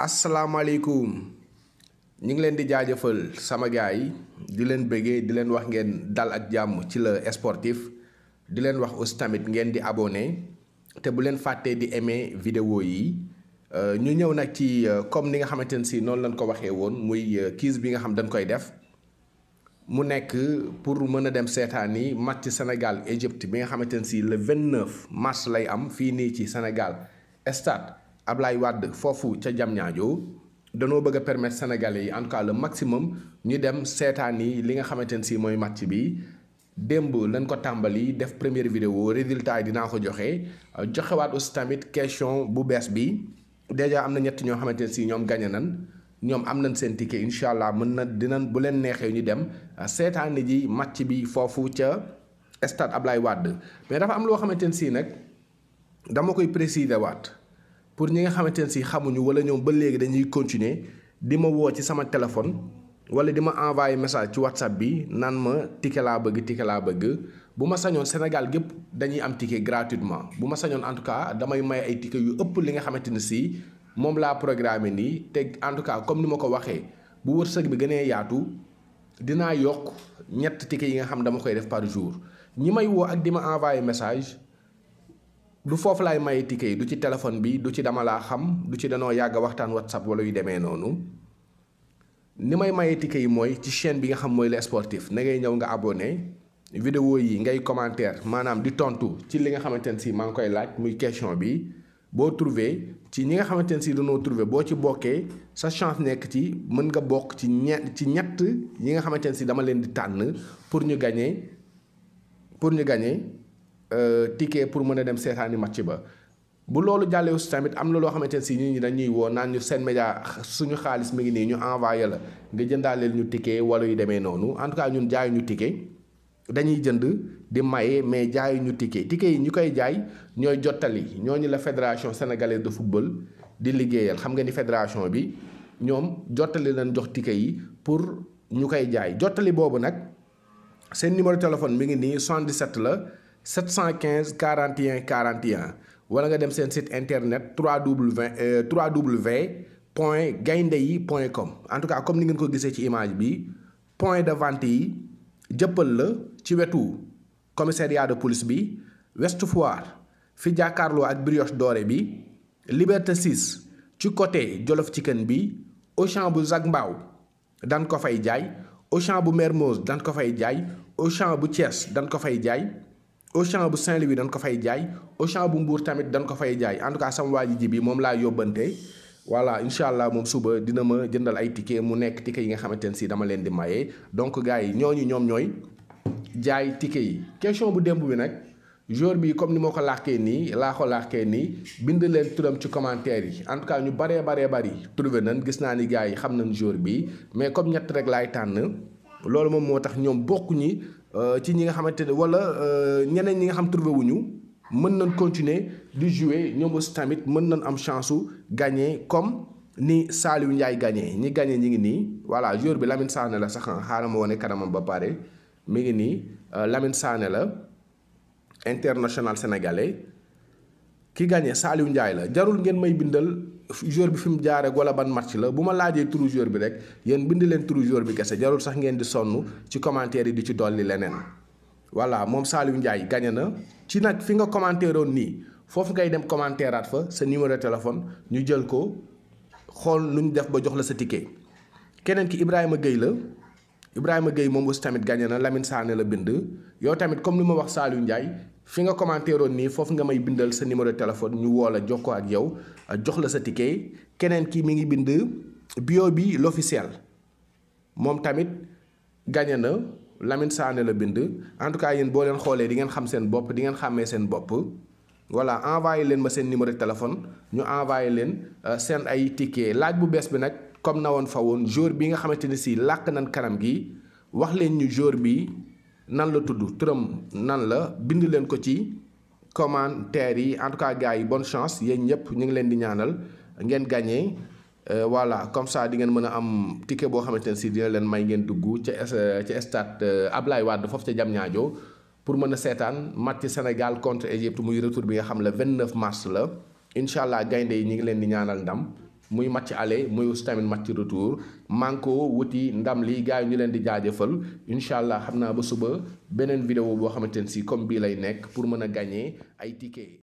asalaamaaleykum ñu ngi leen di jaajëfal sama gars yi di leen bëggee di leen wax ngeen dal ak jàmm ci la sportif di leen wax aussi tamit ngeen di abone te bu leen fàttee di aimer vidéo yi euh, ñu ñëw nag ci euh, comme ni nga xamante ne si noonu leen ko waxee woon muy kiis euh, bi nga xam dañ koy def mu nekk pour mën a dem seetaani match Sénégal Égypte bi nga xamante ne si le 29 mars lay am fii nii ci Sénégal stade. Ablaye Wade foofu ca Diamniadio danoo bëgg a sénégal yi en tout cas le maximum ñu dem seetaan yi li nga xamante ne si mooy match bi démb lañ ko tàmbali def première vidéo résultat yi dinaa ko joxe joxewaat aussi tamit question bu bees bi déjà am na ñett ñoo xamante ne si ñoom gañe nan ñoom am nañ seen ticket incha allah mën na dinañ bu leen neexee ñu dem seetaani ji macc bi foofu ca stade Ablaye Wade mais dafa am loo xamante ne si nag dama koy préciser waat. pour ñi nga xamante ne si xamuñu wala ñoom ba léegi dañuy continuer di ma woo ci sama téléphone wala di ma envoyé message ci whatsapp bi naan ma ticket laa bëgg ticket laa bëgg bu ma sañoon Sénégal gépp dañuy am ticket gratuitement bu ma sañoon en tout cas damay may ay ticket yu ëpp li nga xamante ne si moom laa programmé nii te en tout cas comme ni ma ko waxee bu wërsëg bi gënee yaatu dinaa yokk ñett ticket yi nga xam dama koy def par jour ñi may woo ak di ma envoyé message. du foofu laay maye ticket yi du ci téléphone bi du ci dama laa xam du ci danoo yàgg waxtaan whatsapp wala yu demee noonu ni may maye ticket yi mooy ci chaîne bi nga xam mooy le sportif na ngay ñëw nga abonné vidéo yi ngay commentaire maanaam di tontu ci li nga xamante ne si maa ngi koy laaj muy question bi boo trouver ci ñi nga xamante ne si dañoo trouver boo ci bokkee sa chance nekk ci mën nga bokk ci ñett ci ñett ñi nga xamante ne si dama leen di tànn pour ñu gañee pour ñu gagné. Euh, ticket pour mën a dem seetaani match ba bu loolu jàllee aussi tamit am na loo xamante ne sii nit ñi dañuy woo naan ñu seen média suñu xaalis mi ngi nii ñu envoyé la nga jëndaaleel ñu ticket wala yu demee noonu en tout ñun jaay ñu ticket dañuy jënd di maye mais jaayu ñu ticket ticket yi ñu koy jaay ñooy jottali ñooñu la fédération sénégalaise de football di liggéeyal xam nga ni fédération bi ñoom jottali lañ jox ticket yi pour ñu koy jaay jottali boobu nag seen numéro téléphone mi ngi nii 77 la. 715 41 41 wala nga dem seen site internet 3w 3w euh, point gaynde yi point com en tout cas comme ni ngeen ko gisee ci image bi point de vente yi jëppal la ci wetu commissariat de police bi Ouest Foire fi jàkkaarloo ak Brioche Dorée bi Liberté 6 ci côté Jolof Chicken bi Auchan bu Zac Mbao dan ko fay jaay Auchan bu Mermoz dan ko fay jaay Auchan bu Thiès dan ko fay jaay Auchan bu Saint-Louis dañ ko fay jaay Auchan bu Mbour tamit dañ ko fay jaay en tout cas sama waa ji bi moom laa yóbbante voilà incha allah moom suba dina ma jëndal ay ticket mu nekk ticket yi nga xamante ne si dama leen di maye donc gars yi ñooñu ñoom ñooy jaay ticket yi question bu démb bi nag jour bii comme ni moo ko làkkee nii laa ko làkkee nii bind leen turam ci commentaire yi en tout cas ñu baree baree bari trouvé nan gis naa ni gars yi xam nañ jour bii mais comme ñett rek laay tànn loolu moom moo tax ñoom bokkuñu Euh, ci ñi nga xamante ne wala euh, ñeneen ñi nga xam trouvé wuñu mën nañ continuer di jouer ñoom aussi tamit mën nañ am chance su gagner comme ni Saliou Ndiaye gagné ñi gagné ñi ngi nii voilà jour bi Lamine Sané la sax ah, xaaral ma wane kanamam ba pare mi ngi nii euh, Lamine Sané la international sénégalais. ki gagné Saliou Ndiaye la jarul ngeen may bindal joueur bi fi mu jaaree wala ban match la bu ma laajee turu joueur bi rek yéen bind leen turu joueur bi kese jarul sax ngeen di sonn ci commentaire yi di ci dolli leneen. voilà moom Saliou Ndiaye gañe na ci nag fi nga commentaire woon nii foofu ngay dem commentaire at fa sa numéro téléphone ñu jël ko xool nu ñu def ba jox la sa ticket. keneen ki Ibrahima géey la Ibrahima géey moom aussi tamit gagné na Lamine Sané la bind yow tamit comme li ma wax Saliou Ndiaye. fi nga commentéeroon nii foofu nga may bindal sa numéro téléphone ñu woo la jox ko ak yow jox la sa ticket keneen ki mi ngi bind bio bi l'officiel moom tamit gagné na Lamine Sané la bind en tout cas yéen boo leen xoolee di ngeen xam seen bopp di ngeen xàmmee seen bopp voilà envoyé leen ma seen numéro téléphone ñu envoyé leen euh, seen ay ticket laaj bu bees bi nag comme na woon fa woon jour bi nga xamante ne si làkk nañ kanam gi wax leen ñu jour bi nan la tudd turam nan la bind leen ko ci commentaire yi en tout cas gars yi bon chance yéen ñëpp ñu ngi leen di ñaanal ngeen gagné euh, voilà comme ça di ngeen mën a am ticket boo xamante ne si dina leen may ngeen dugg ca euh, ca stade euh, Ablaye Wade foofu ca Diamniadio pour mën a seetaan match Sénégal contre Égypte muy retour bi nga xam le 29 mars la incha allah gaynde yi ñu ngi leen di ñaanal ndam. muy match ale muy tamit match retour manko wuti ndam li gars yi ñu leen di jaajëfal incha allah xam naa ba suba beneen vidéo boo xamante ne si comme bii lay nekk pour mën a gagner ay tickets.